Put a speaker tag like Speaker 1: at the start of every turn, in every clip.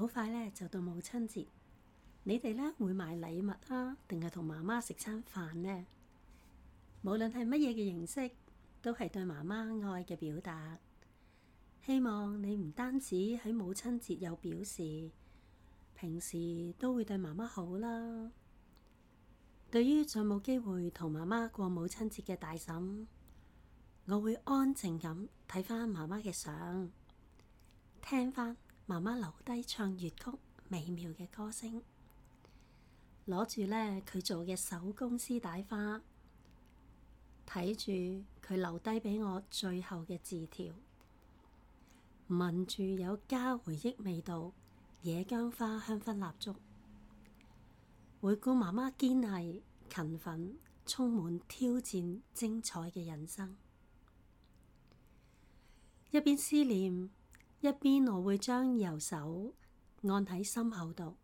Speaker 1: 好快咧就到母親節，你哋咧會買禮物啊，定係同媽媽食餐飯呢？無論係乜嘢嘅形式，都係對媽媽愛嘅表達。希望你唔單止喺母親節有表示，平時都會對媽媽好啦。對於再冇機會同媽媽過母親節嘅大嬸，我會安靜咁睇返媽媽嘅相，聽返。媽媽留低唱粵曲，美妙嘅歌聲，攞住呢佢做嘅手工絲帶花，睇住佢留低畀我最後嘅字條，聞住有家回憶味道，野薑花香薰蠟燭，回顧媽媽堅毅、勤奮、充滿挑戰、精彩嘅人生，一邊思念。一邊，我會將右手按喺心口度，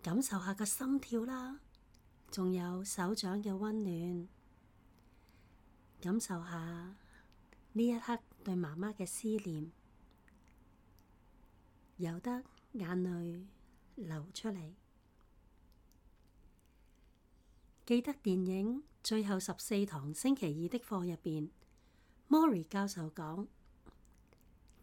Speaker 1: 感受下個心跳啦，仲有手掌嘅溫暖，感受下呢一刻對媽媽嘅思念，由得眼淚流出嚟。記得電影最後十四堂星期二的課入邊，Morrie 教授講。